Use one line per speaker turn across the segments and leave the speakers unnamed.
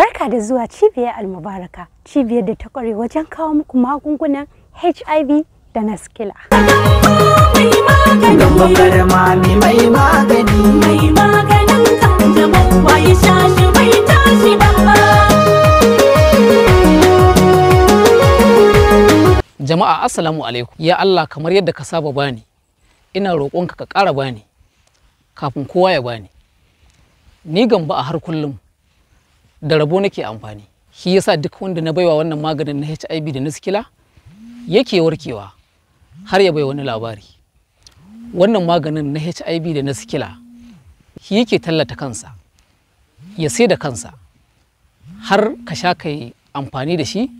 Barka da zuwa cibiyar almubaraka cibiyar da ta kware wajen kawo muku magungunan
HIV da na skila.
Jama'a Asalamu alaikum ya Allah kamar yadda ka saba bani ina roƙonka ka ƙara bani kafin kowa ya bani ni gamba a har kullum da rabo nake amfani shi yasa duk wanda na baiwa wannan maganin na HIV da na sikila yake warkewa har ya bai wani labari wannan maganin na HIV da na sikila shi yake tallata kansa ya sai da kansa har ka sha kai amfani da shi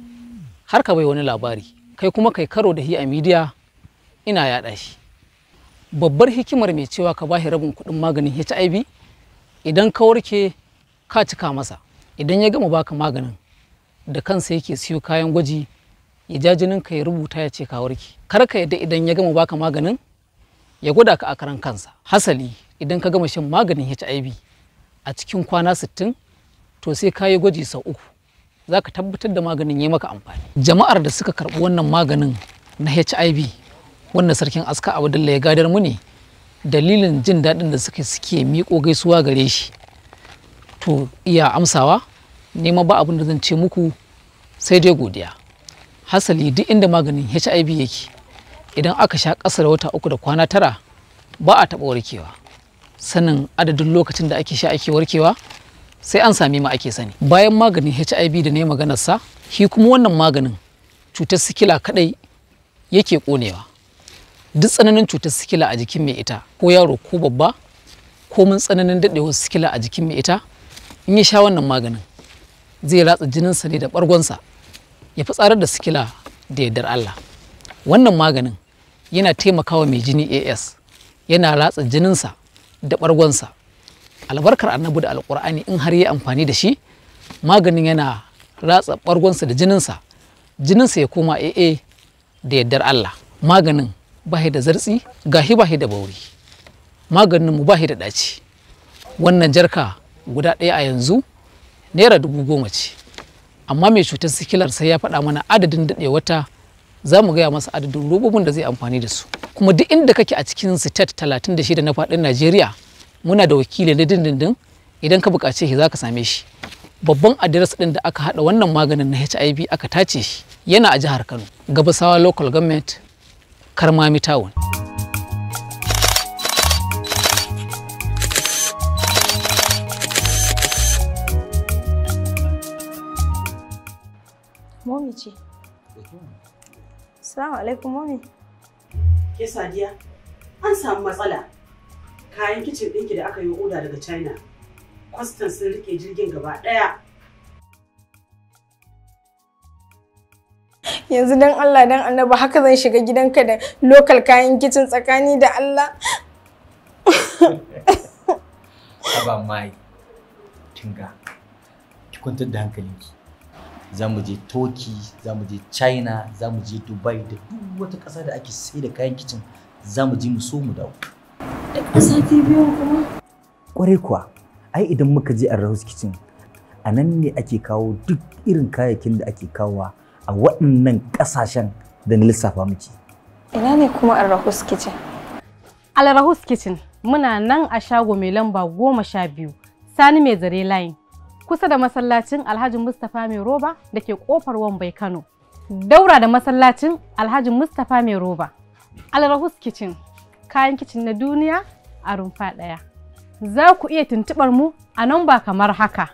har ka bai wani labari kai kuma kai karo da shi a midiya ina yaɗa shi babbar hikimar mai cewa ka bashi rabin kuɗin maganin hiv idan ka warke ka cika masa idan ya gama baka maganin da kansa yake siyo kayan gwaji ya ja ka ya rubuta ya ce ka warke kar ka yadda idan ya gama baka maganin ya gwada ka a karan kansa hasali idan ka gama shan maganin HIV a cikin kwana 60 to sai ka yi gwaji sau uku za ka tabbatar da maganin ya maka amfani jama'ar da suka karɓi wannan maganin na HIV wannan sarkin aska abdullahi ya gadar mu ne dalilin jin daɗin da suka suke miƙo gaisuwa gare shi To iya amsawa nema ba abin da zan ce muku sai dai godiya hasali duk inda maganin hiv yake idan aka sha ƙasa da wata uku da kwana tara ba a taɓa warkewa sanin adadin lokacin da ake sha ake warkewa sai an sami ma ake sani bayan maganin hiv da ne maganarsa shi kuma wannan maganin cutar sikila kaɗai yake ƙonewa duk tsananin cutar sikila a jikin mai ita ko yaro ko babba ko mun tsananin daɗewar sikila a jikin mai ita in ya sha wannan maganin zai ratsa jininsa ne da ɓargonsa, ya fi fitsarar da sikila da yardar Allah wannan maganin yana taimakawa mai jini AS yana ratsa jininsa da ɓargonsa albarkar annabi da alkur'ani in har ya amfani da shi maganin yana ratsa ɓargonsa da jininsa jininsa ya koma AA da yardar Allah maganin shi da zartsi gahi shi da bauri maganin mu bahi da ɗaci wannan jarka guda ɗaya a yanzu naira dubu goma ce amma mai cutar sikilar sai ya faɗa mana adadin wata za mu gaya masa adadin robobin da zai amfani da su kuma duk inda kake a cikin state talatin da shida na faɗin najeriya muna da wakili na dindindin idan ka buƙace shi za ka same shi babban adires ɗin da aka haɗa wannan maganin na hiv aka tace shi yana a jihar kano gabasawa local government karmami town
Momi ce. Assalamu alaikum Momi.
Ke Sadiya, an samu matsala. Kayan kicin ɗinki da aka yi oda daga China. Kwastan sun rike jirgin gaba ɗaya.
Yanzu dan Allah dan Annabi haka zan shiga gidanka da lokal kayan kicin tsakani da Allah.
Aba mai, kinga, ki kwantar da hankalinki. za mu je Turkey, za je China, za je Dubai da duk wata ƙasa da ake sai da kayan kicin za mu je mu so mu dawo. Da ƙasa ta biyo kuma? Ƙwarai kuwa, ai idan muka je Arrahus Kitchen, a ne ake kawo duk irin kayayyakin da ake kawowa a waɗannan ƙasashen da na lissafa miki.
Ina ne kuma Arrahus Kitchen? Al Kitchen muna
nan a shago mai lamba goma sha biyu, Sani mai zare line. kusa da masallacin Alhaji Mustapha Mai Roba da ke kofar Wambai Kano. Daura da masallacin Alhaji Mustapha Mai Roba. Alrahus Kitchen, kayan kicin na duniya a rumfa ɗaya. Za ku iya tuntuɓar mu a nan ba kamar haka.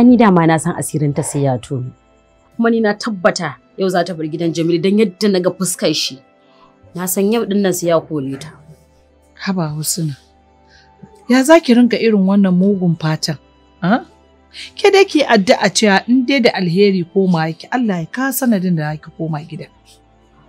ai ni dama na san asirin ta sai ya tono kuma ni na tabbata yau za ta bar gidan Jamil dan yadda na ga fuskar shi na san yau din nan sai ya kore ta haba
husna ya za ki rinka irin
wannan mugun fatan ke da ki addu'a cewa in dai da alheri koma yake Allah ya ka sanadin da ki koma gida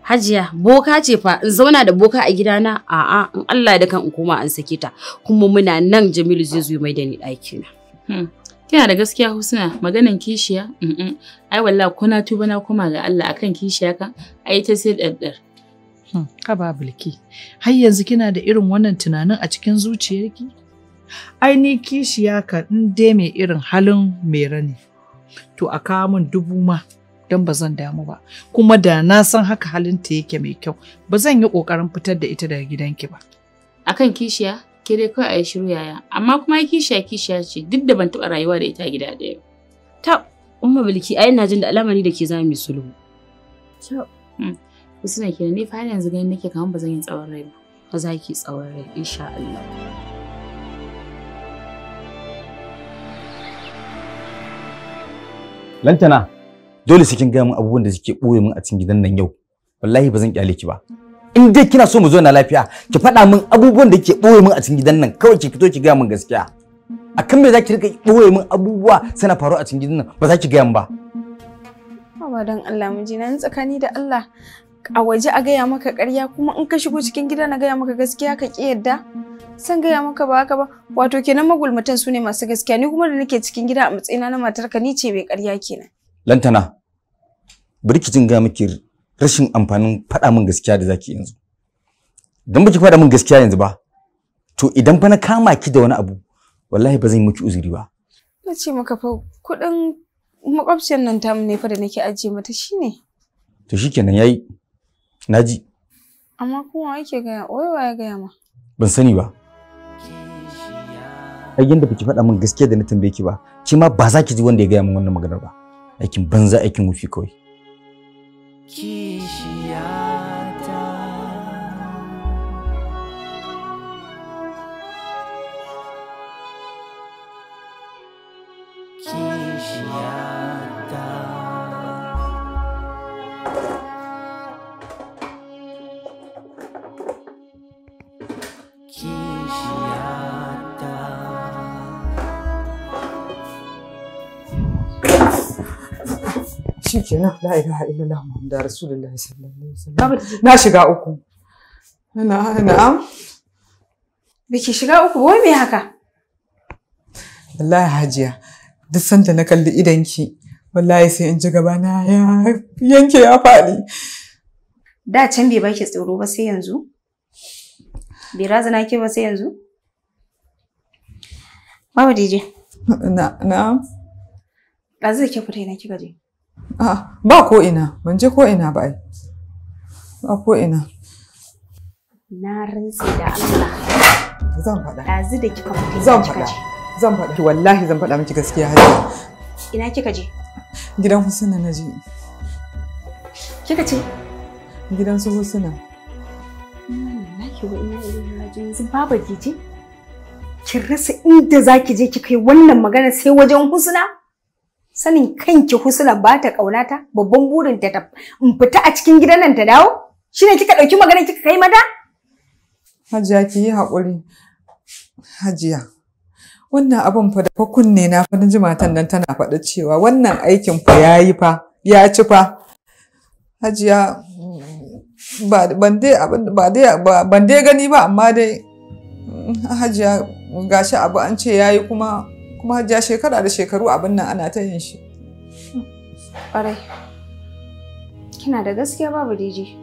Hajiya boka ce fa in zauna da boka a gidana a'a in Allah da kan in koma an sake ta kuma muna nan Jamilu zai zo mai da ni ɗaki na. Hmm. Kina da gaskiya Husna maganan kishiya? Mm Ai walla ko na tuba na koma ga Allah akan kishiya ka ai ta sai daddar. Hmm, ba bulki. Har yanzu kina da irin wannan tunanin a cikin zuciyarki? Ai ni kishiya ka in dai mai irin halin mera ra'ni, To a kawo min dubu ma don ba zan damu ba. Kuma da na san haka halinta yake mai kyau ba zan yi ƙoƙarin fitar da ita daga gidanki ba. Akan kishiya? ke dai kawai a yi shiru yaya amma kuma kishiya kishiya ce duk da ban taɓa rayuwa da ita gida ɗaya ta umma bilki ai ina jin da alamari da ke za mu sulhu ta kusa hmm. ne kenan ni fa yanzu ganin nake kamar ba zan yi tsawon rai ba ba za ki tsawon rai insha Allah
lantana dole su kin gaya min abubuwan da suke ɓoye min a cikin gidan nan yau wallahi ba zan kyale ki ba hmm. in dai kina so mu zo na lafiya ki faɗa min abubuwan da ke ɓoye min a cikin gidan nan kawai ki fito ki gaya min gaskiya a kan me za ki rika ɓoye min abubuwa suna a cikin gidan nan ba za ki gaya min ba
Baba don Allah ji na tsakani da Allah a waje a gaya maka ƙarya kuma in ka shigo cikin gida na gaya maka gaskiya ka ki yadda san gaya maka ba haka ba wato kenan magulmatan su ne masu gaskiya ni kuma da nake cikin gida a matsayina na matarka ni ce mai ƙarya kenan
lantana bari ki jin ga miki rashin amfanin faɗa min gaskiya da zaki yanzu dan baki faɗa min gaskiya yanzu ba to idan fa na kama ki da wani abu wallahi ba zan miki uzuri ba
na ce maka fa kuɗin makwabciyar nan tamu ne fa da nake ajiye mata shine
to shikenan yayi naji
amma kuma yake gaya oi wa ya gaya ma
ban sani ba ai yanda baki faɗa min gaskiya da na tambaye ki ba kima ba za ki ji wanda ya gaya min wannan maganar ba aikin banza aikin wufi kawai
Que
kenan la ilaha illallah muhammadu rasulullahi sallallahu alaihi wasallam na shiga uku
na na'am biki shiga uku wai me haka
wallahi hajiya duk sanda na kalli idanki wallahi sai in ji gaba na ya yanke ya faɗi
da can bai baki tsoro ba sai yanzu bai razana ke ba sai yanzu
Mama Dije. Na, na.
Ɗazu da ke fita ina kika je.
A'a, ba ko ina, ban je ko ina ba ai. Ba ko ina.
Na rantsi da Allah. Zan faɗa. Ɗazu da kika mutu. Zan faɗa.
Zan faɗa. To wallahi zan faɗa miki gaskiya Hajiya. Ina kika je? Gidan Husna na je. Kika ce? Gidan su Husna.
Hmm, Laki wa ina rajin yanzu babu Kin rasa inda zaki je ki kai wannan magana sai wajen Husna? sanin kanki husna ba ta kaunata babban burin ta in fita a cikin gidan nan ta dawo shine kika dauki magana kika kai mata
hajiya ki yi hakuri hajiya wannan abin fa da fa kunne na fa ji matan nan tana faɗa cewa wannan aikin fa yayi fa ya ci fa hajiya ban dai gani ba amma dai mm, hajiya gashi abu an ce yayi kuma kuma ja shekara da shekaru abin nan ana ta yin shi
ƙwarai kina da gaskiya babu Diji.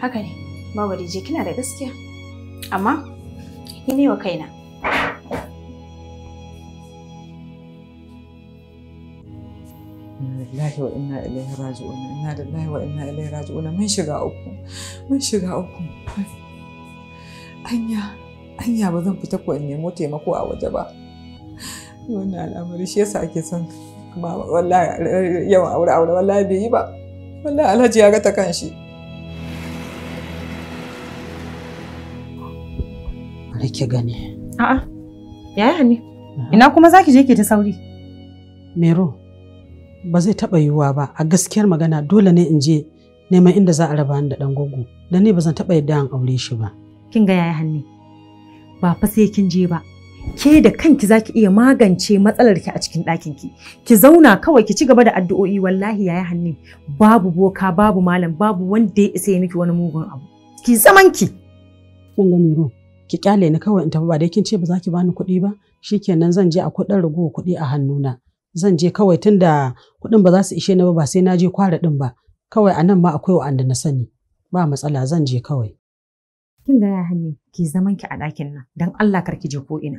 haka ne babu Diji, kina da gaskiya amma yi ne wa kaina
lillahi wa ina ilaihi ina inna lillahi wa inna ilaihi raji'un mun shiga uku mun shiga uku anya anya ba zan fita ko in nemo taimako a waje ba wannan al'amari shi yasa ake son kuma wallahi yawan aure aure wallahi bai yi ba wallahi alhaji ya ga ta kan shi
bari gani
a'a yaya
ne ina kuma zaki je ke ta sauri mero ba zai taba yiwuwa ba a gaskiyar magana dole ne in je neman inda za a raba ni da dan gogo dan ne ba zan taba yadda an aure shi ba kin ga yaya hanni ba fa sai kin je ba ke da kanki zaki iya magance matsalar ki a cikin ɗakinki ki zauna kawai ki ci gaba da addu'o'i wallahi yayi hannu babu boka babu malam babu wanda ya isa ya miki wani mugun abu ki zaman ki kin ga ki kyale ni kawai in tafi ba dai kin ce ba za ki bani kuɗi ba shikenan zan je a kudin rago kuɗi a hannuna zan je kawai tunda kuɗin ba za su ishe ni ba ba sai na je kwara din ba kawai a nan ma akwai wa'anda na sani ba matsala zan je kawai kin ga hannu ki zaman a ɗakin nan don Allah kar ki je ko ina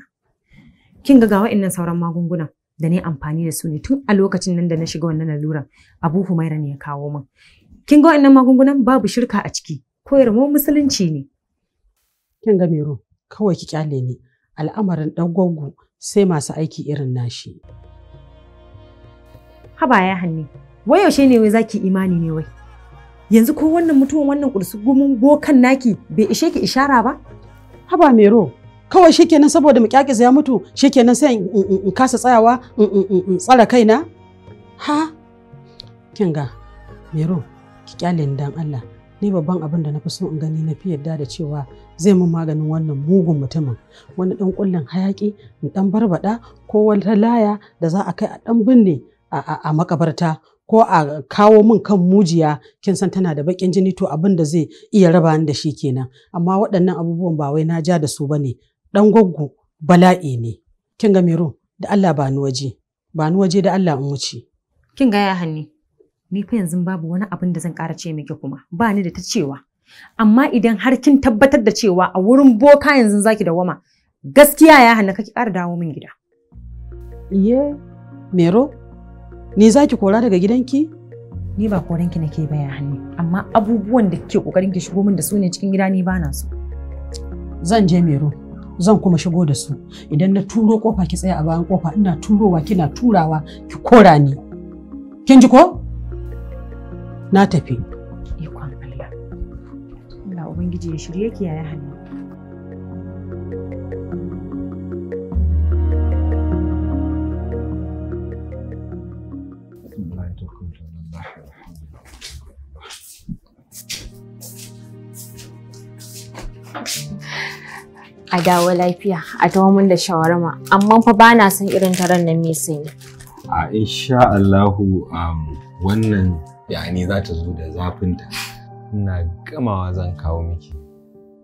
kin ga ga wa'annan sauran magungunan da ne amfani da su ne tun a lokacin nan da na shiga wannan laluran abu humaira ne ya kawo min kin ga wa'annan magungunan babu shirka a ciki mu musulunci ne kin ga mero kawai ki kyale ni al'amarin dagwaggu sai masu aiki irin nashi haba ya hanne wai yaushe ne wai zaki imani ne wai yanzu ko wannan mutuwan wannan gumin bokan naki bai ishe ki ishara ba haba mero kawai shikenan saboda muƙyaƙis ya mutu shikenan sai in kasa tsayawa in tsara kaina ha kin ga mero ki kyale ni dan Allah ni babban abin da na fi so in gani na fi yadda da cewa zai mun maganin wannan mugun mutumin wani dan kullun hayaki in dan barbada ko wata laya da za a kai a dan binne a makabarta ko a kawo min kan mujiya kin san tana da bakin jini to abin da zai iya raba ni da shi kenan amma waɗannan abubuwan ba wai na ja da su bane ɗan gwaggo bala'i ne kin ga Meron da Allah ba ni waje ba ni waje da Allah in wuce kin ga ya hanni ni fa yanzu babu wani abin da zan ƙara ce miki kuma ba ni da ta cewa amma idan har kin tabbatar da cewa a wurin boka yanzu zaki dawama gaskiya ya hanni kake ƙara dawo min gida iye Mero ni zaki kora daga gidanki ni ba koranki nake ba ya hanni amma abubuwan da ke kokarin ki shigo min da su ne cikin gida ni ba na so zan je Mero zan kuma shigo da su idan na turo kofa ki tsaya a bayan kofa ina turowa kina turawa ki kora ni kin ji ko na tafi ikon Allah Allah ubangiji ya shirye ki yaya hannu Thank you. a dawo lafiya a tawo da shawarma amma fa ba na son irin taron nan mai sanyi
a insha Allahu um, wannan yani za ta zo da zafin ta. ina gamawa zan kawo miki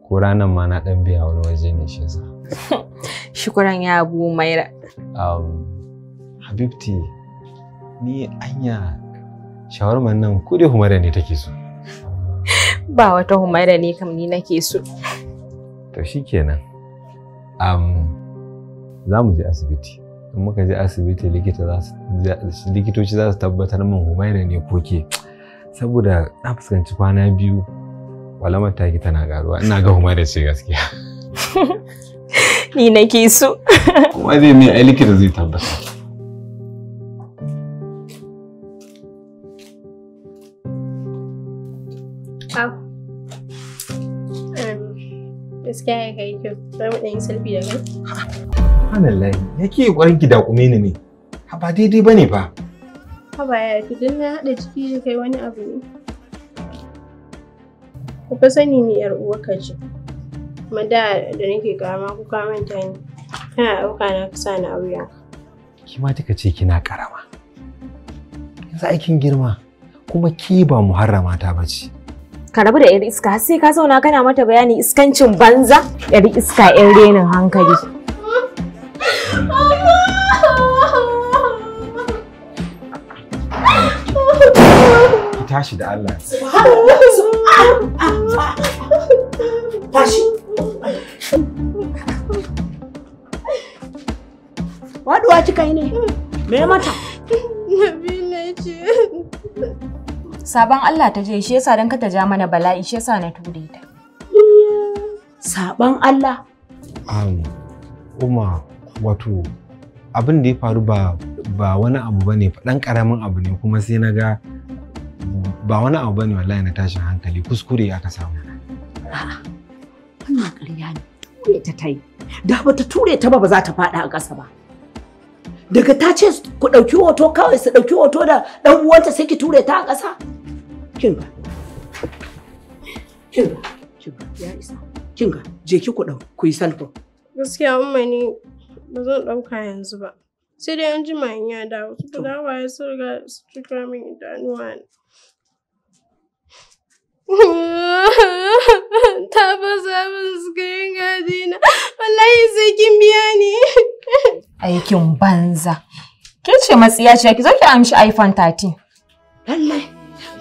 ko ranar ma na dan biya wani waje ne shi sa.
Shukran ya abu mai
um, habibti ni anya shawarman nan ko dai humaira ne take so
ba wata humaira ne kam ni
nake so
to shikenan za mu je asibiti in muka je asibiti likitoci za su tabbatar min humaira ne ko ke saboda na fuskanci kwana biyu walamar taki tana garuwa ina ga humaira ce gaskiya
ni nake so
kuma
zai mai likita zai tabbatar.
gaskiya ya kai kyau sai mu ɗan selfie da kai
subhanallahi
yake ƙwarin ki da kume ni ne ha ba daidai ba ne ba
haba ya fi don na haɗa jiki da kai wani abu ne. Ku fa sani ni ‘yar uwarka ce, kuma da da nake karama ku ka manta ni, kana ɗauka na kusa na auya.
Ki ma kika ce kina karama. Yanzu aikin girma, kuma ki ba muharrama ta ba ce.
ka rabu da 'yar iska sai ka zauna kana mata bayani iskancin banza 'yar iska 'yan renin hankali
tashi da Allah
tashi
waduwa yi ne me mata ce
Saban Allah ta je shi yasa dan ka ta ja mana bala'i shi yasa na ture ta. Saban Allah.
Amin. Uma wato abin da ya faru ba ba wani abu bane dan karamin abu ne kuma sai na ga ba wani abu bane wallahi na tashin hankali kuskure aka samu. A'a.
Wannan ƙarya ne. Ture ta tai. Da ba ta ture ta ba ba za ta faɗa a ƙasa ba. daga ta ce ku ɗauki hoto kawai su ɗauki hoto da ɗan uwanta sai ki
ture ta a ƙasa
Kinga. Kinga. Kinga ya isa. Kinga je ki ku dau ku yi salfo.
Gaskiya umma ni ba zan dauka yanzu ba. Sai dai an jima in ya dawo. Su dawa ya surga su cika min idanuwa ne. Ta ba fasa min sukayin gadina. Wallahi sai kin biya ni.
Aikin banza. Kin ce matsiya ce ki zo ki amshi iPhone 13. Lallai.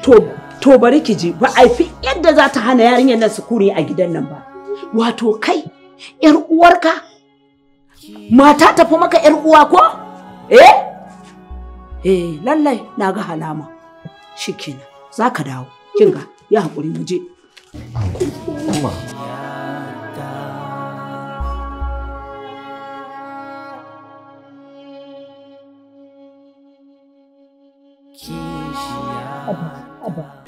To to bari ki ji ba a fi yadda za ta hana yarinyar nan sukuri a gidan nan ba wato kai yar uwarka mata tafi maka yar uwa ko eh eh lallai na ga halama shikenan za ka dawo kinga ya hakuri mu je
Abba, Abba.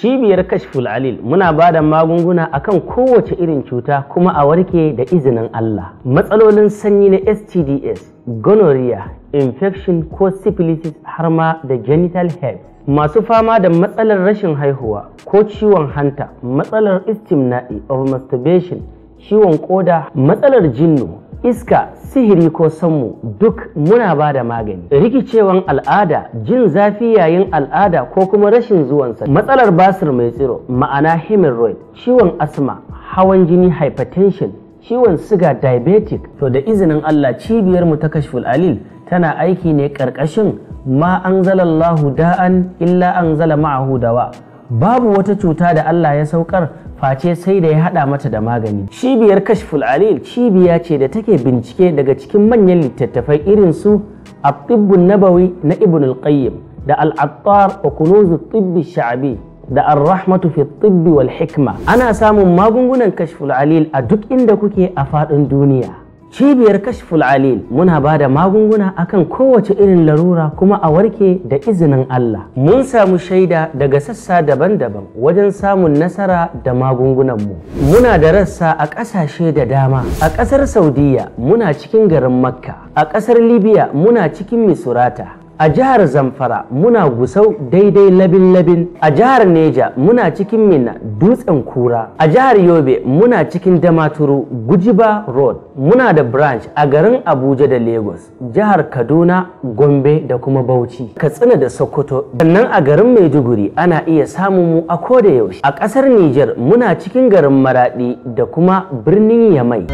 cibiyar kashful alil muna ba da magunguna akan kowace irin cuta kuma a warke da izinin Allah matsalolin sanyi na stds gonorrhea infection ko syphilis har ma da genital herpes masu fama da matsalar rashin haihuwa ko ciwon hanta matsalar istimna'i of masturbation ciwon koda matsalar jinnu iska sihiri ko sanmu duk muna ba da magani rikicewan al'ada jin zafi yayin al'ada ko kuma rashin zuwansa matsalar basir mai tsiro ma'ana hemorrhoid ciwon asma hawan jini hypertension ciwon siga diabetic to da izinin allah cibiyar mu ta kashful alil tana aiki ne ƙarƙashin ma an zalallahu da'an illa an zala ma'ahu dawa babu wata cuta da allah ya saukar face sai da ya hada mata da magani cibiyar kashful alil cibiya ce da take bincike daga cikin manyan littattafai irin su abdibbun nabawi na ibn al-qayyim da al-attar wa tibbi sha'abi da ar-rahmatu fi tibbi wal hikma ana samun magungunan kashful alil a duk inda kuke a faɗin duniya cibiyar kashful alil muna ba da magunguna akan kowace irin larura kuma a warke da izinin Allah mun samu shaida daga sassa daban-daban wajen samun nasara da magungunanmu muna da rassa a ƙasashe da dama a ƙasar saudiya muna cikin garin makka a ƙasar libya muna cikin misurata a jihar zamfara muna gusau daidai labin-labin a jihar neja muna cikin minna dutsen kura a jihar yobe muna cikin damaturu gujiba road muna da branch a garin abuja da lagos jihar kaduna gombe da kuma bauchi katsina da sokoto sannan a garin maiduguri ana iya samun mu a koda yaushe a ƙasar Nijar, muna cikin garin maradi da kuma birnin yamai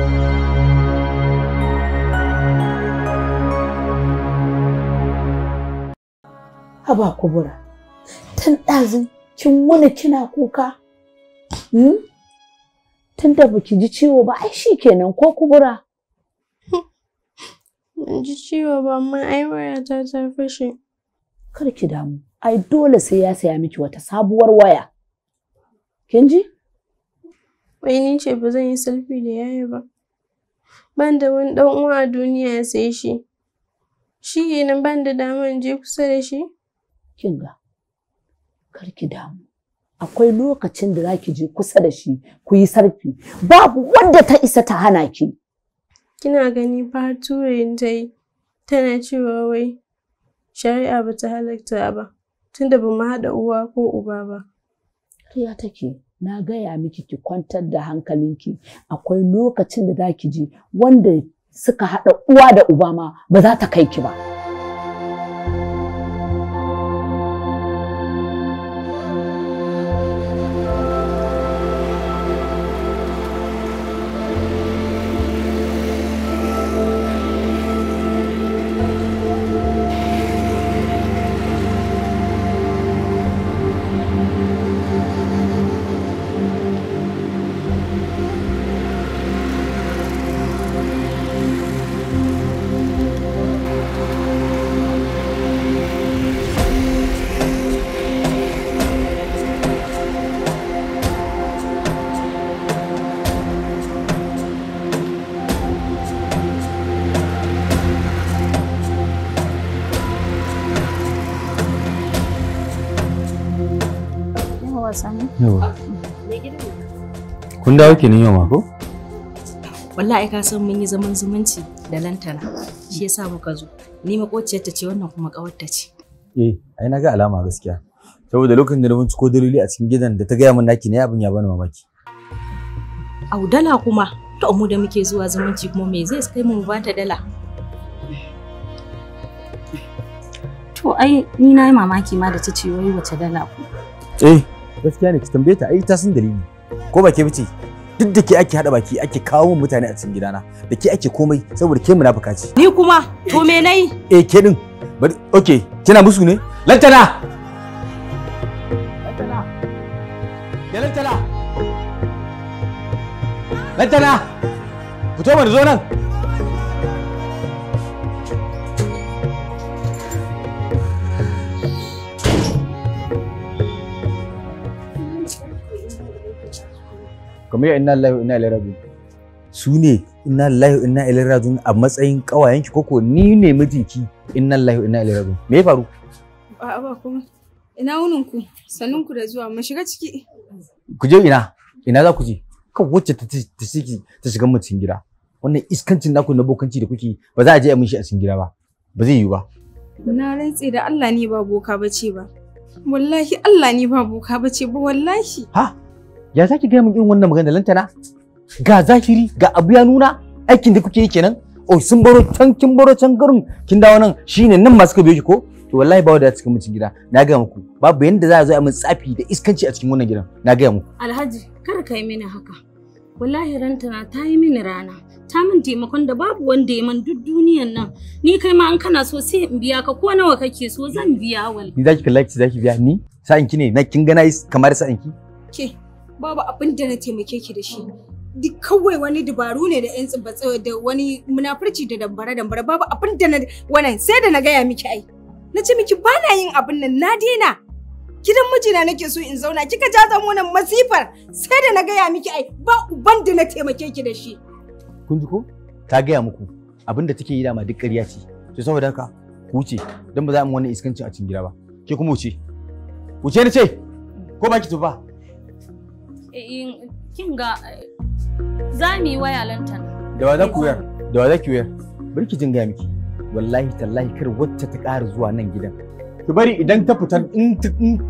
haba
kubura tun ɗazin kin wani kina kuka hmm? tun da baki ji ciwo ba ai shi kenan ko kubura
ban ji ciwo ba amma ai wayata ta fashe
kar ki damu
ai dole sai ya saya miki wata sabuwar waya kin ji wai ni ce ba zan yi selfie da yaya ba ban da wani dan uwa a duniya ya sayi shi shi ne ban da damar je kusa da shi kin ga kar ki damu
akwai lokacin da zaki je kusa da shi ku yi sarfi babu wanda ta isa ta hana ki
kina gani faturin dai tana cewa wai shari'a ba ta halarta ba tunda ba mu haɗa uwa ko uba ba
ya take na gaya miki ki kwantar da hankalinki akwai lokacin da zaki je wanda suka haɗa uwa da uba ma ba za ta kai ki ba.
yawa
kun dawo kenan yau ma ko
wallahi ka san mun yi zaman zumunci da lantana shi yasa muka zo ni makociyar ta ce wannan kuma kawarta ce
eh ai na ga alama gaskiya saboda lokacin da na ciko dalili a cikin gidan da ta gaya min naki ne abin ya bani mamaki
audala kuma ta umu da muke zuwa zumunci kuma me zai kai mu ba ta dala to ai ni na yi mamaki ma da ta ce wai wace dala ku
eh gaskiya ne ki tambaye ta ai ta san dalili ko ba ke bace duk da ke ake hada baki ake kawo mun mutane a cikin gidana da ke ake komai saboda ke munafuka ce
ni kuma to me nayi
eh ke din okay kina musu ne lantana
lantana ya lantana lantana fito mana zo nan
kamar inna lillahi wa inna ilaihi raji'un su ne inna lillahi wa inna ilaihi raji'un a matsayin kawayen ki koko ni ne mijinki inna lillahi wa inna ilaihi raji'un me ya faru
a'a ba kuma
ina wunin ku sanin ku da zuwa mu shiga ciki
ku je ina ina za ku je ka wacce ta ta shiga mu cikin gida wannan iskancin naku na bokanci da kuke ba za a je a mishi a cikin gida ba ba zai yiwu ba
na rantse da Allah ni ba boka bace ba wallahi Allah ni ba boka bace ba wallahi
ha ya zaki gaya min irin wannan magana lantana ga zahiri ga abu ya nuna aikin da kuke yi kenan oh sun baro can kin baro can garin kin dawo nan shine nan masu ka biyo ki ko to wallahi ba da cikin mutun gida na ga muku babu yanda za a zo a mun tsafi da iskanci a cikin wannan gidan na ga muku
alhaji kar ka yi mini haka wallahi rantana ta yi mini rana ta min taimakon da babu wanda ya man duk duniyan nan ni kai ma an kana so sai in biya ka ko nawa kake so zan biya wallahi
ni zaki kallaki zaki biya ni sa'in ki ne na kin ga na kamar sa'in ki
ke babu abin da na taimake ki da shi duk kawai wani dabaru ne da yan tsibatsa da wani munafurci da dambara dambara babu abin da na wannan sai da na gaya miki ai na ce miki ba na yin abin nan na daina gidan mijina nake so in zauna kika ja zamo nan masifar sai da na gaya miki ai ba uban da na taimake ki da shi
kun ji ko ta gaya muku abin da take yi dama duk ƙarya ce to saboda haka ku wuce don ba za mu wani iskancin a cikin gida ba ke kuma wuce wuce ni ce ko ba ki tufa
kin ga za mu yi waya lantan
da wa za ku wayar da wa za ki wayar bari ki jin ga miki wallahi tallahi kar wacce ta ƙara zuwa nan gidan ki bari idan ta fitar in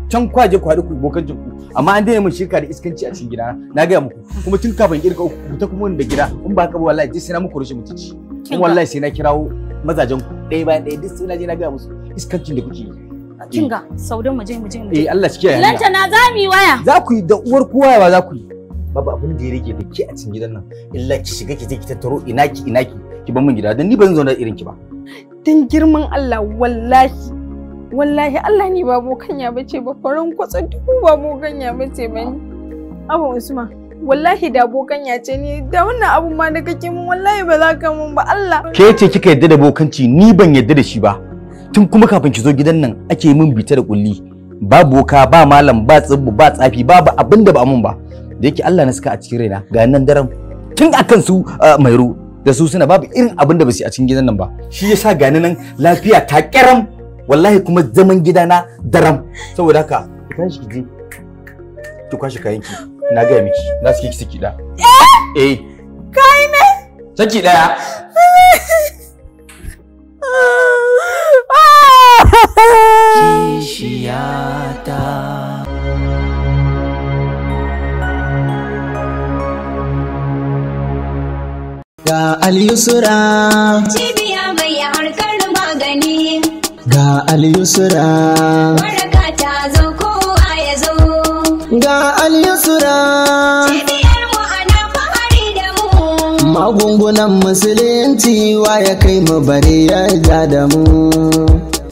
can kwaje ku haɗu ku bokan ku. amma an daina mun shirka da iskanci a cikin gida na gaya muku kuma tun kafin kirka uku ku ta kuma da gida in ba ka ba wallahi sai na muku rushe mutunci in wallahi sai na kirawo mazajen ku ɗaya bayan ɗaya duk sai na je na gaya musu iskancin da kuke yi
kin ga eh.
saudan mu je mu je mu je eh Allah cike ya lanta na za mu yi waya
za ku yi da uwar kowa ba za ku yi babu abin da ya rage da ke a cikin gidan nan illa ki shiga ki je ki tattaro ina ki ina ki ki ban min gida dan ni ban zauna irin ki ba
dan girman Allah wallahi wallahi Allah ne ba kanya bace ba faran kwatsa duk ba bokanya bace ni abu Usman wallahi da bokan ce ni da wannan abun ma da kake mun wallahi ba za ka mun ba Allah
ke ce kika yadda da bokanci ni ban yadda da shi ba tun kuma kafin ki zo gidan nan ake min bita da kulli babu wuka ba malam ba tsibbu ba tsafi babu abin da ba mun ba da yake Allah na saka a cikin raina ga nan daren tun akan su uh, ru da su suna babu irin abin da ba su a cikin gidan nan ba shi yasa ga nan lafiya ta kiram wallahi kuma zaman gidana daram saboda haka kan shi je ki kwashi kayanki na ga miki na suke ki siki da eh? eh kai ne saki daya
ah. kishiyata
Ga Al-Yusra
Cibiya mai karin magani
Ga Al-Yusra
Waraka
ta zo kowa ya zo
Ga Al-Yusra Cibiyar mu ana
fahari da mu
Magungunan musulunci wa ya kai mu bare ya da mu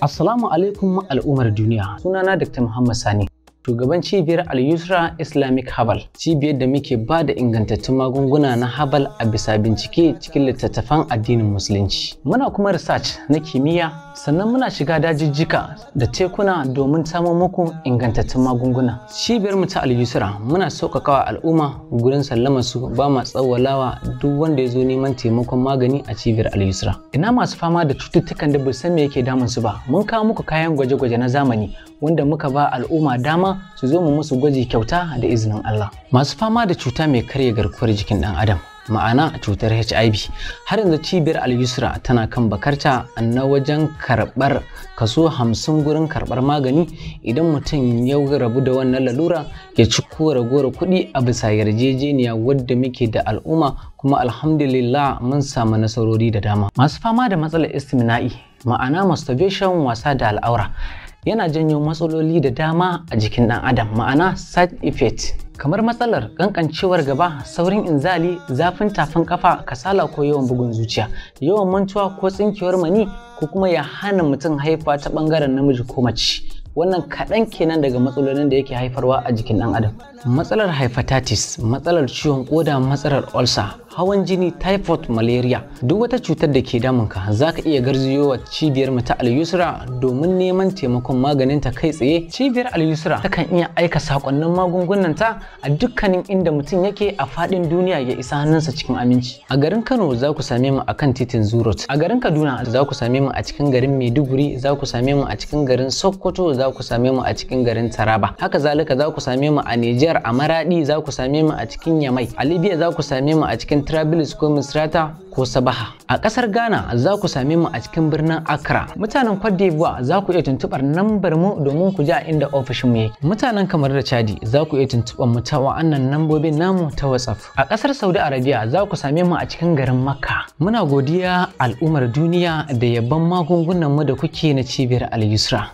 Assalamu alaikum al'ummar duniya. Sunana Dr. Muhammad Sani. shugaban cibiyar al-yusra islamic habal cibiyar da muke ba da ingantattun magunguna na habal a bisa bincike cikin littattafan addinin musulunci muna kuma research na kimiyya sannan muna shiga dajijjika da tekuna domin samo muku ingantattun magunguna cibiyar mu ta al-yusra muna sauƙaƙawa al'umma gurin sallama su ba ma tsawalawa duk wanda ya zo neman taimakon magani a cibiyar al-yusra ina masu fama da cututtukan da bai san me yake damun su ba mun kawo muku kayan gwaje-gwaje na zamani wanda muka ba al'umma dama su zo mu musu gwaji kyauta da izinin Allah. Masu fama da cuta mai karya garkuwar jikin ɗan adam ma'ana cutar HIV har yanzu cibiyar al-yusra tana kan bakarta na wajen karɓar kaso hamsin gurin karɓar magani idan mutum ya rabu da wannan lalura ya ci ko ragowar kuɗi a bisa yarjejeniya wadda muke da al'umma kuma alhamdulillah mun samu nasarori da dama masu fama da matsalar istimina'i ma'ana masturbation wasa da al'aura yana janyo matsaloli da dama a jikin ɗan adam ma'ana side effect kamar matsalar kankancewar gaba saurin inzali zafin tafin kafa kasala ko yawan bugun zuciya yawan mantuwa ko tsinkewar mani ko kuma ya hana mutum haifa ta bangaren namiji ko mace wannan kaɗan kenan daga matsalolin da yake haifarwa a jikin ɗan adam matsalar hepatitis matsalar ciwon koda matsalar ulcer hawan jini typhoid malaria duk wata cutar da ke damunka za ka iya garziyowa cibiyar mu ta al-yusra domin neman taimakon maganin ta kai tsaye cibiyar al-yusra ta kan iya aika sakonnin magungunan ta a dukkanin inda mutum yake a fadin duniya ya isa hannunsa cikin aminci a garin kano za ku same mu akan titin zurot a garin kaduna za ku same mu a cikin garin maiduguri za ku same mu a cikin garin sokoto za ku same mu a cikin garin taraba haka zalika za ku same mu a nijar a maradi za ku same mu a cikin yamai a libya za ku same mu a cikin irin ko Misrata ko Sabaha. A ƙasar Ghana za ku same mu a cikin birnin Accra. Mutanen Cote d'Ivoire za ku iya tuntuɓar nambar mu domin ku ji a inda ofishin mu yake. Mutanen kamar da Chadi za ku iya tuntuɓar mu ta wa'annan nambobin namu ta WhatsApp. A ƙasar Saudi Arabia za ku same mu a cikin garin Makka. Muna godiya al'ummar duniya da yabban magungunan mu da kuke na cibiyar Al-Yusra.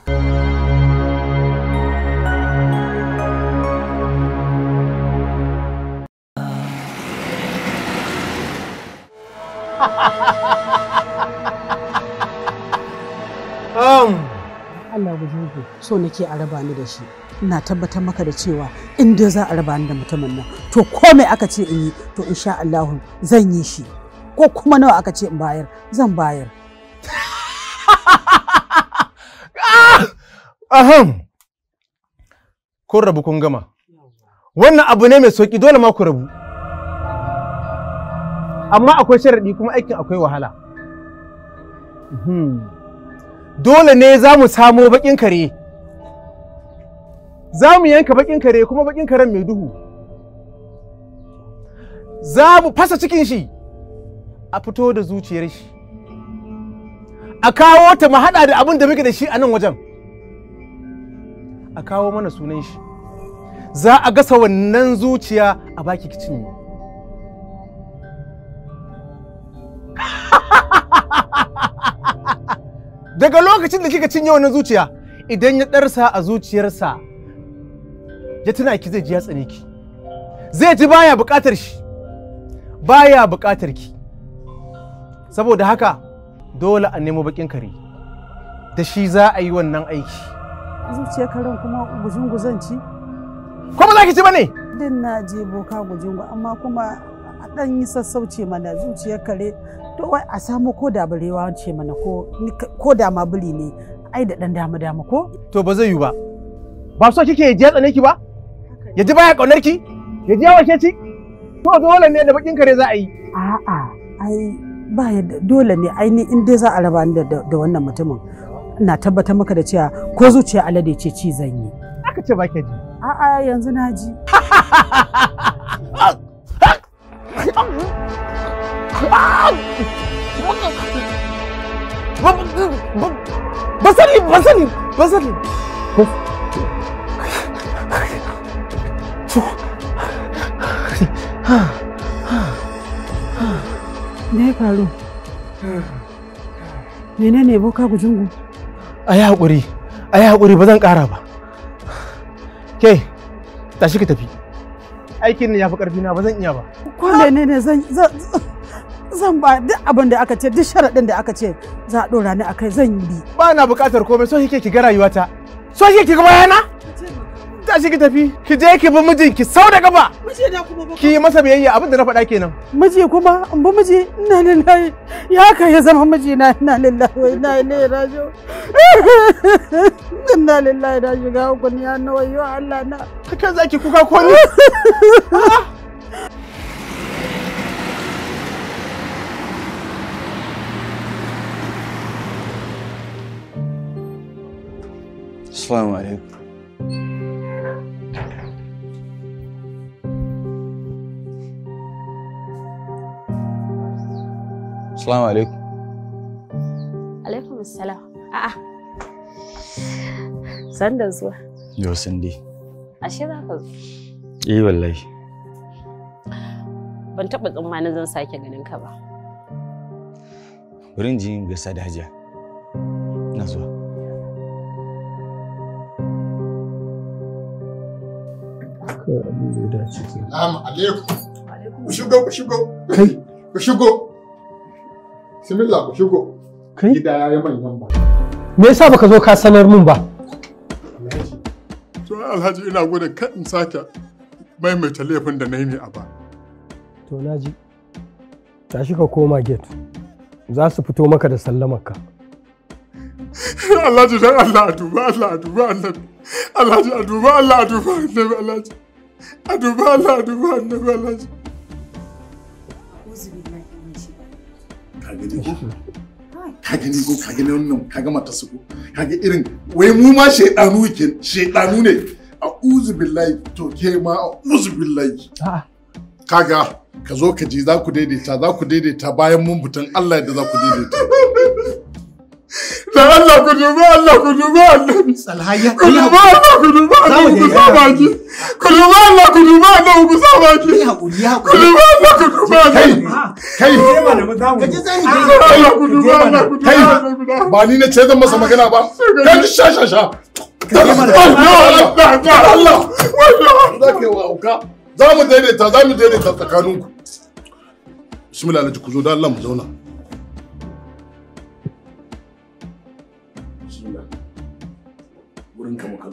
Um. Allah so nake a raba ni da shi ina tabbatar maka da cewa inda za a raba ni da mutumin nan to komai aka ce in yi to insha Allah zan yi shi ko kuma nawa aka ce in bayar zan bayar
aham kun rabu kun gama wannan abu ne mai sauki dole ma ku rabu amma akwai sharaɗi kuma aikin akwai wahala hmm. dole ne za mu samo baƙin kare za mu yanka baƙin kare kuma baƙin karen mai duhu za mu fasa cikin shi a fito da zuciyar shi a kawo ta mu haɗa da abin da muke da shi a nan wajen a kawo mana sunan shi za a gasa wannan zuciya a baki kicin daga lokacin da kika cinye wannan zuciya idan ya ɗarsa a zuciyarsa ya tuna ki zai ji ya tsane ki zai ji baya buƙatar shi baya buƙatar ki saboda haka dole a nemo bakin kare da shi za a yi wannan aiki zuciyar karen kuma gujin guzanci
ko ba za ki ci ba ne
din na je boka gujin
amma kuma a ɗan yi sassauce mana zuciyar kare to wai a samu ko da barewa
ce mana ko ko da ma buri ne ai da dan dama dama ko to ba zai yi ba ba so kike je tsane ki ba ya ji baya kaunar ki ya ji yawa ci to dole ne da bakin kare za a yi a'a ai ba dole ne ai ni
in dai za a raba da da wannan mutumin ina tabbatar maka da cewa ko zuciya alade ce ci zan
yi aka ce ba ke ji
a'a yanzu na ji
Basali, basali, basali. Me ya faru? Mene ne boka gujungu? A yi haƙuri, a yi haƙuri ba zan ƙara ba. Ke, tashi ki tafi. Aikin ne ya fi ƙarfi na ba zan iya ba. Ko ne ne zan zan ba duk abin da aka ce duk sharaɗin da aka ce za a ɗora ni a kai zan bi ba na buƙatar komai so kike ki ga rayuwata so kike ki ga bayana shi ki tafi ki je ki bi ki sau da gaba kuma ki masa biyayya abin da na faɗa kenan
miji kuma in bi miji ina lillahi ya ka ya zama miji na ina lillahi wai ina ne rajo ina lillahi da shiga
hukun ya nawa yau Allah na kake zaki kuka ko ni
Assalamu alaikum.
Assalamu alaikum.
Alaikum assalam. A'a.
San da zuwa.
Yo sun dai.
Ashe za ka zo. Eh wallahi. Ban taɓa tsammanin zan sake ganin ka ba.
Bari in ji gasa da hajiya.
kawai abin da ya dace ke.
Salamu alaikum. Ku shigo ku shigo. Kai. Ku shigo. Bismillah ku shigo. Kai. Gida ya yi manyan ba.
Me yasa baka zo ka sanar min ba?
To Alhaji ina gode kan in sake maimaita laifin da na yi ne a ba.
To Naji, tashi ka koma gate. Za su fito maka da sallamarka.
Alhaji dan Allah a duba Allah a duba Allah. Alhaji a duba Allah a duba Allah Alhaji. Aduba duba Allah a duba annabi Allah ji ka gani ko ka gani ko ka gani wannan ka ga mata suko ka ga irin wai mu ma shedanu ke shedanu ne a'udhu billahi to ke ma a'udhu billahi ga, ka zo ka ji za ku daidaita za ku daidaita bayan mun butan Allah yadda za ku daidaita da Allah ku dubi Allah ku dubi annabi salhayya ku dubi Allah ku dubi Allah ku sa baki ku dubi Allah ku dubi Allah ku sa baki ku dubi Allah ku dubi annabi Allah kai kai ba ni na ce zan masa magana ba kai Allah sha sha sha Allah za Allah yi wa auka Allah mu daidaita za Allah daidaita tsakaninku bismillah Allah ku zo da Allah mu zauna ka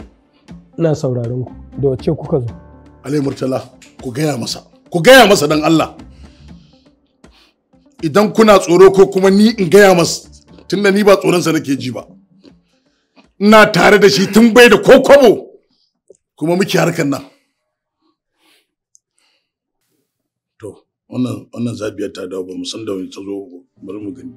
ina sauraron ku da wace kuka zo
alai murtala ku gaya masa ku gaya masa dan Allah idan kuna tsoro ko kuma ni in gaya masa tunda ni ba tsoronsa nake ji ba ina tare da shi tun bai da kokobo kuma muke harkar nan to wannan wannan zabiyar ta dawo ba mu san da wani ta zo bari mu gani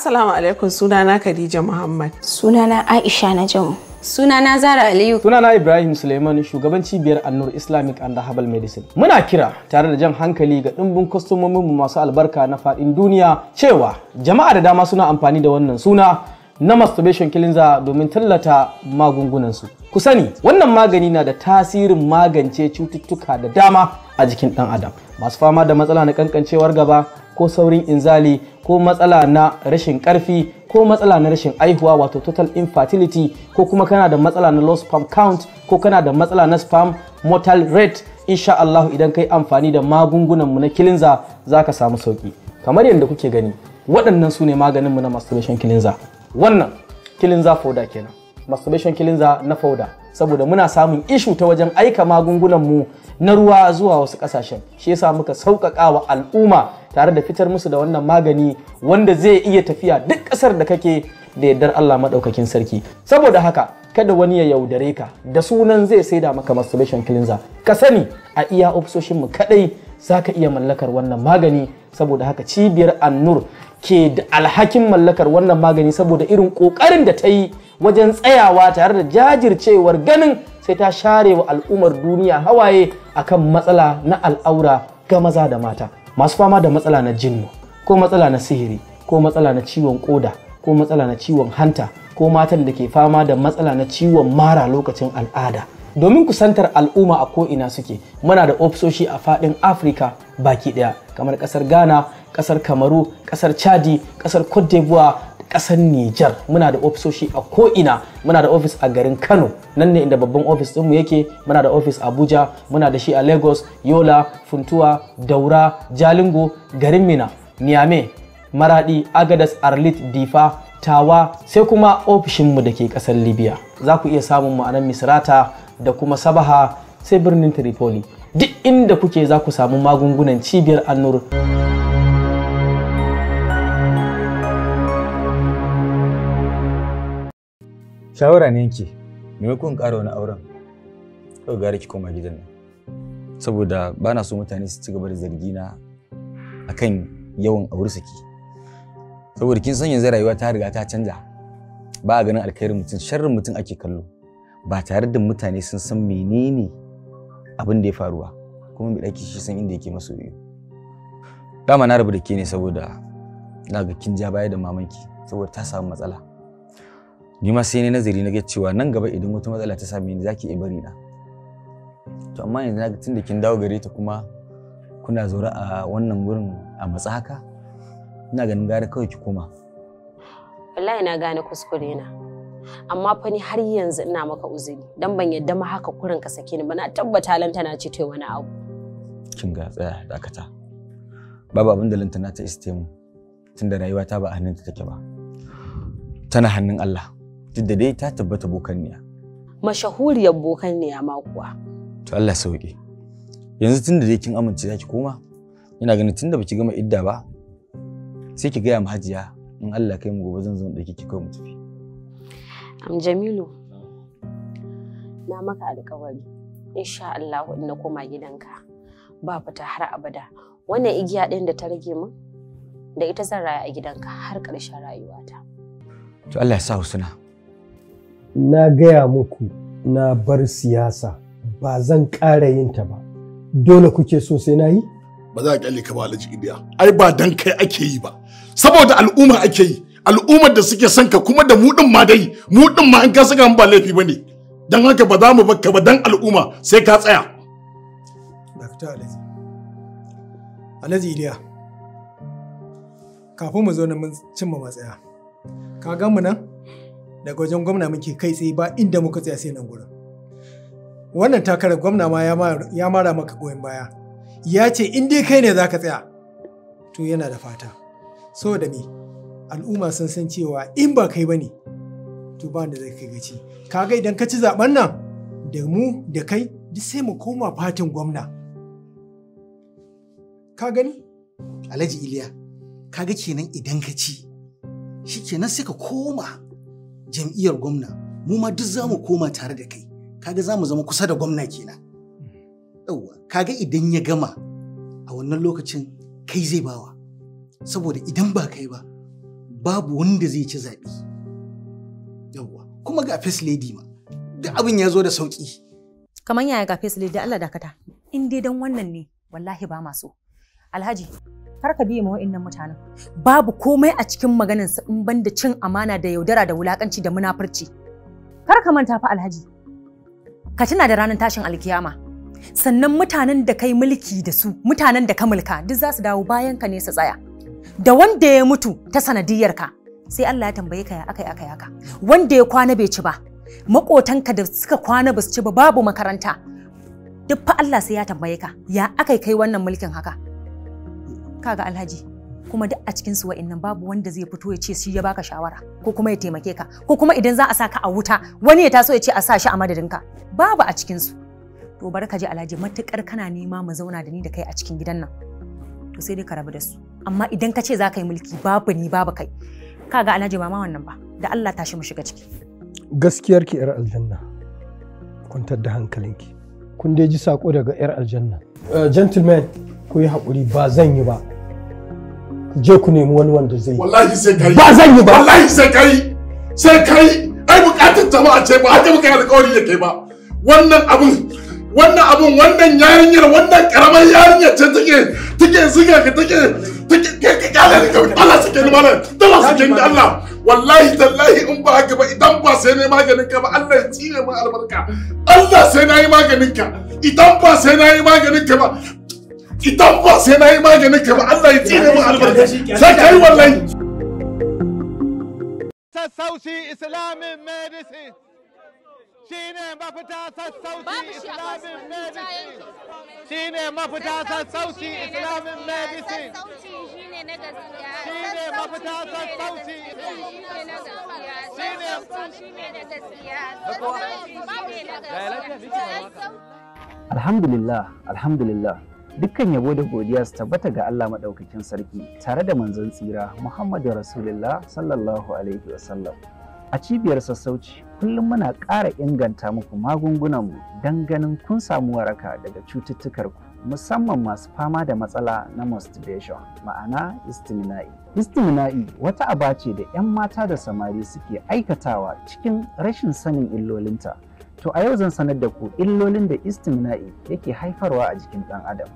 Assalamu alaikum sunana Khadija Muhammad. Sunana Aisha Najamu. Sunana Zara Aliyu.
Sunana Ibrahim Suleiman shugaban cibiyar Annur Islamic and Herbal Medicine. Muna kira tare da jan hankali ga dimbin kwastomomin mu masu albarka na faɗin duniya cewa jama'a da dama suna amfani da wannan suna na masturbation cleanser domin tallata magungunansu. Ku sani, wannan magani na da tasirin magance cututtuka da dama a jikin ɗan adam. Masu fama da matsala na kankancewar gaba, ko saurin inzali ko matsala na rashin karfi ko matsala na rashin aihuwa wato total infertility ko kuma kana da matsala na low sperm count ko kana da matsala na sperm mortal rate insha Allah idan kai amfani da magungunanmu na kilinza za ka samu sauki kamar yadda kuke gani waɗannan su ne maganinmu na masturbation kilinza wannan kilinza fauda kenan masturbation kilinza na fauda saboda muna samun ishu ta wajen aika magungunan mu na ruwa zuwa wasu kasashen shi yasa muka sauƙaƙa wa al'umma tare da fitar musu da wannan magani wanda zai iya tafiya duk ƙasar da kake da yardar Allah maɗaukakin sarki saboda haka kada wani ya yaudare ka da sunan zai sai da maka masturbation cleanser ka sani a iya ofisoshin mu kadai zaka iya mallakar wannan magani saboda haka cibiyar annur ke da alhakin mallakar wannan magani saboda irin ƙoƙarin da ta yi wajen tsayawa tare da jajircewar ganin sai ta share wa al'ummar duniya hawaye akan matsala na al'aura ga maza da mata masu fama da matsala na jinnu ko matsala na sihiri ko matsala na ciwon koda ko matsala na ciwon hanta ko matan da ke fama da matsala na ciwon mara lokacin al'ada domin kusantar al'umma a ko'ina suke muna da ofisoshi a faɗin afirka baki ɗaya kamar ƙasar ghana ƙasar kamaru ƙasar chadi ƙasar cote d'ivoire ƙasar niger muna da ofisoshi a ko'ina muna da ofis a garin kano nan ne inda babban ofis ɗinmu yake muna da ofis abuja muna da shi a lagos yola funtuwa daura jalingo garin mina niame maradi agadas arlit difa tawa sai kuma ofishinmu da ke ƙasar libya za ku iya samun ma'anar misrata da kuma sabaha sai birnin tripoli duk inda kuke za ku samu magungunan cibiyar annur shawara ne yanke maimakon
ƙara wani auren kawai gara ki koma gidan nan saboda ba na so mutane su ci gaba da zargi zargina kan yawan auri saki saboda kin san yanzu rayuwa ta riga ta canja ba a ganin alkhairin mutum sharrin mutum ake kallo ba tare da mutane sun san menene abin da ya faruwa kuma bai ɗaki shi san inda yake maso biyu dama na rabu da ke ne saboda na ga kin ja baya da mamanki saboda ta samu matsala ni ma sai ne nazari na ga cewa nan gaba idan wata matsala ta same ni zaki iya bari na to amma yanzu naga tun da kin dawo gare ta kuma kuna zaure a wannan gurin a matsa haka ina ganin gara kawai ki koma
wallahi na gane kuskure na amma fa ni har yanzu ina maka uzuri dan ban yadda ma haka kurin ka sake ni ba na tabbata lantana ce ta wani abu
kin ga tsaya dakata babu abin da lantana ta iste mu tunda rayuwa ta ba a hannunta take ba tana hannun Allah duk da dai ta tabbata niya
mashahuriyar niya ma kuwa
to Allah sauke yanzu tunda dai kin amince zaki koma ina ganin tunda baki gama idda ba sai ki gaya mu hajiya in Allah kai mu gobe zan zo da kike kai mu tafi Jamilu,
na maka alkawari, insha Allah na koma gidanka ba fita har abada. Wannan igiya ɗin da ta rage mun da ita zan raya a gidanka har ƙarshen rayuwata.
To
Allah ya sa husuna.
Na gaya muku na bar siyasa ba zan ƙara yin ta ba. Dole kuke so sai na yi?
Ba za a ƙyale ka ba Alhaji Ai ba dan kai ake yi ba. Saboda al'umma ake yi. al'ummar da suke son ka kuma da mu din ma dai mu ma an ka saka mu ba laifi bane dan haka ba za mu bakka ba dan al'umma sai ka tsaya
iliya kafin mu zo na mun cimma matsaya ka ga mu nan daga wajen gwamna muke kai tsaye ba inda muka tsaya sai nan gurin wannan takarar gwamna ma ya mara maka goyon baya ya ce in dai kai ne za ka tsaya to yana da fata so da al'umma sun san cewa in ba kai ba ne to ba da zai kai gaci kaga idan ka ci zaben nan da mu da kai duk sai mu koma fatin gwamna
ka gani alhaji iliya kaga kenan idan ka ci shi kenan sai ka koma jam'iyyar gwamna mu ma duk za mu koma tare da kai kaga za mu zama kusa da gwamna kenan yauwa kaga idan ya gama a wannan lokacin kai zai bawa saboda idan ba kai ba babu wanda
zai ci zaɓe yawwa kuma ga face lady ma duk abin ya zo da sauƙi
kamar yaya ga face lady Allah dakata in dai dan wannan ne wallahi ba ma so alhaji kar ka biye ma wa'annan mutanen babu komai a cikin maganin sa in da cin amana da yaudara da wulakanci da munafurci kar ka manta fa alhaji ka tuna da ranar tashin alkiyama sannan mutanen da kai mulki da su mutanen da ka mulka duk za su dawo bayan ka ne su tsaya da wanda ya mutu ta sanadiyar ka sai Allah ya tambaye ka ya akai akai haka wanda ya kwana bai ci ba makotanka da suka kwana basu ci ba babu makaranta duk fa Allah sai ya tambaye ka ya akai kai wannan mulkin haka kaga alhaji kuma duk a cikin su wa'annan babu wanda zai fito ya ce shi ya baka shawara ko kuma ya taimake ka ko kuma idan za a sa ka a wuta wani ya taso ya ce a sa shi a madadin ka? babu a cikin su to barka ji alhaji matukar kana nema mu zauna da ni da kai a cikin gidan nan to sai dai ka rabu da su amma idan ka ce za ka yi mulki babu ni babu kai kaga alhaji ba ma wannan ba da Allah ta shi mu shiga ciki
gaskiyar ki yar aljanna kun da hankalinki kun dai ji sako daga yar aljanna eh, gentleman ku yi haƙuri ba zan yi ba je ku nemi wani wanda zai
yi wallahi sai kai ba zan yi ba wallahi sai kai sai kai ai bukatar a ce ba haka muka yi alƙawari da kai ba wannan abun wannan abun wannan yarinyar wannan karamar yarinyar ce take take zuga ka take kyale ni kawai Allah sake ni malam dala sake ni Allah wallahi tallahi in ba haka ba idan ba sai maganin ka ba Allah ya tsire min albarka Allah sai na maganin ka idan ba sai yi maganin ka ba idan ba sai maganin ka ba Allah ya tsire albarka sai kai wallahi
Islamic Medicine shine mafita sassauci islamic medicine shine mafita sassauci islamic medicine
shine na gaskiya shine mafita sassauci shine na
gaskiya
alhamdulillah alhamdulillah dukkan yabo da godiya su tabbata ga Allah maɗaukakin sarki tare da manzon tsira Muhammadu Rasulullah sallallahu alaihi wasallam A cibiyar sassauci kullum muna ƙara inganta muku magungunanmu don ganin kun samu waraka daga cututtukarku musamman masu fama da matsala na masturbation ma'ana istimina'i. Istimina'i wata aba ce da 'yan mata da samari suke aikatawa cikin rashin sanin illolinta. To a yau zan sanar da ku illolin da istimina'i yake haifarwa a jikin ɗan adam.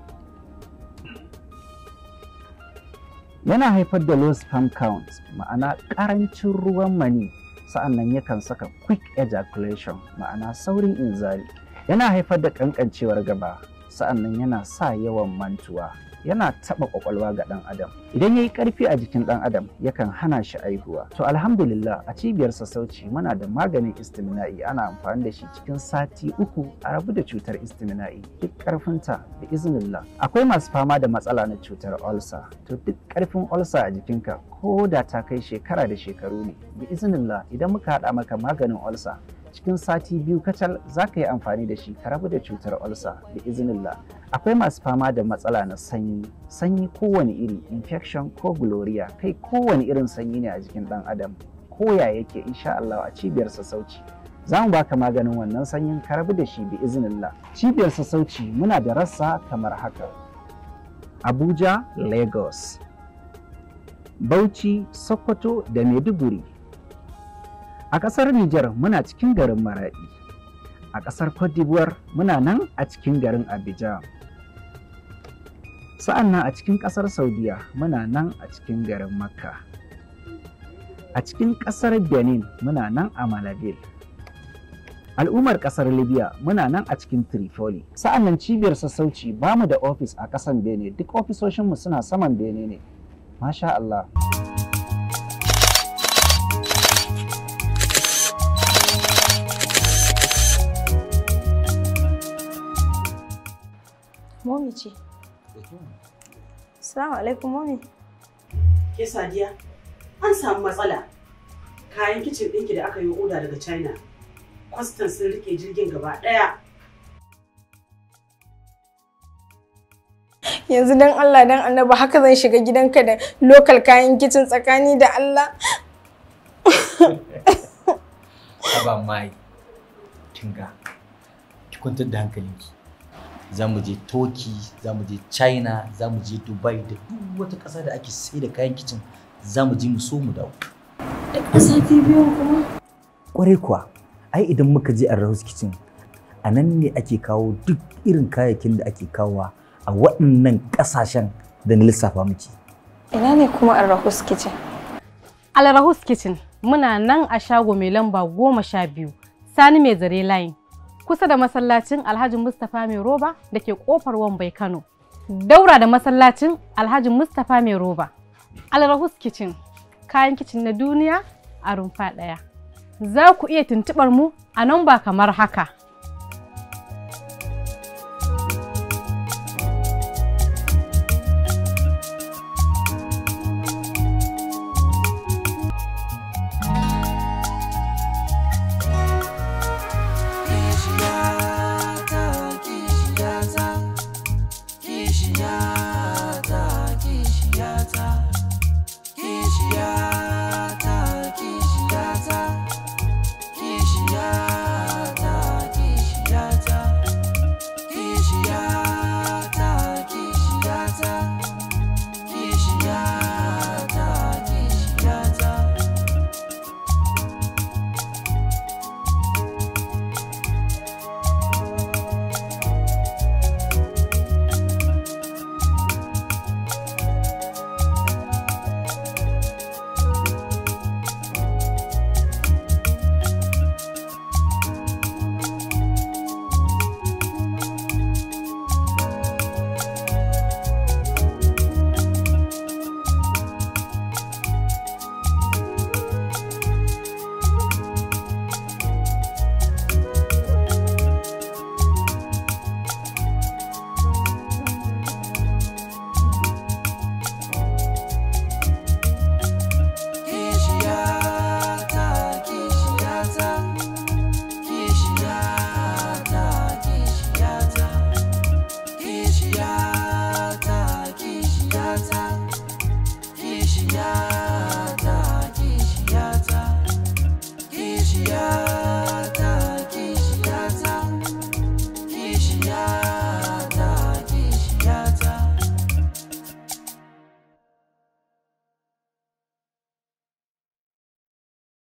Yana haifar da low sperm count ma'ana ƙarancin ruwan mani sa'annan yakan saka quick ejaculation ma'ana saurin inzali yana haifar da kankancewar gaba sa'annan yana sa yawan mantuwa yana taɓa ƙwaƙwalwa ga ɗan adam idan ya yi ƙarfi a jikin ɗan adam yakan hana shi aihuwa to alhamdulillah a cibiyar sassauci muna da maganin istimina'i ana amfani da shi cikin sati uku a rabu da cutar istimina'i duk ƙarfinta da iznillah akwai masu fama da matsala na cutar olsa to duk ƙarfin olsa a jikinka ko da ta kai shekara da shekaru ne bi iznillah idan muka haɗa maka maganin olsa cikin sati biyu kacal za ka yi amfani da shi ka rabu da cutar olsa da iznillah akwai masu fama da matsala na sanyi sanyi kowane iri infection ko gloria kai kowane irin sanyi ne a jikin ɗan adam Ko koya yake insha Allah a cibiyar sassauci za mu baka maganin wannan sanyin ka rabu da shi bi iznillah cibiyar sassauci muna da rassa kamar haka Abuja Lagos Bauchi Sokoto da Maiduguri a ƙasar Nijar muna cikin garin Maraɗi a ƙasar Cote d'Ivoire muna nan a cikin garin Abidjan sa'an nan a cikin ƙasar saudiya muna nan a cikin garin makka a cikin ƙasar benin muna nan a malabil al'ummar ƙasar libya muna nan a cikin tripoli sa'an nan cibiyar sassauci ba mu da ofis a ƙasan bene duk ofisoshinmu suna saman bene ne masha allah
Assalamu alaikum mami.
Ke Sadiya, an samu matsala. Kayan kicin ɗinki da aka yi oda daga China. Kwastan sun rike jirgin gaba
ɗaya. Yanzu dan Allah dan Annaba haka zan shiga gidanka da lokal kayan kicin tsakani da Allah.
Aba mai, tinga, ki kwantar da hankalinki. za mu je Turkey, za mu je China, za mu je Dubai da duk wata ƙasa da ake sai da kayan kicin za mu je mu so mu dawo.
Da ƙasa ta biyo kuma?
Ƙwarai kuwa, ai idan muka je a Rahus Kitchen, a nan ne ake kawo duk irin kayayyakin da ake kawo a waɗannan ƙasashen da na lissafa miki.
Ina ne kuma a Rahus Kitchen? Al Rahus Kitchen
muna nan a shago mai lamba goma sha biyu, Sani mai zare line. kusa da masallacin Alhaji Mustapha Mai Roba da ke kofar Wambai Kano. Daura da masallacin Alhaji Mustapha Mai Roba. Alrahus Kitchen, kayan kicin na duniya
a rumfa ɗaya.
Za ku iya tuntuɓar mu a nan ba kamar haka.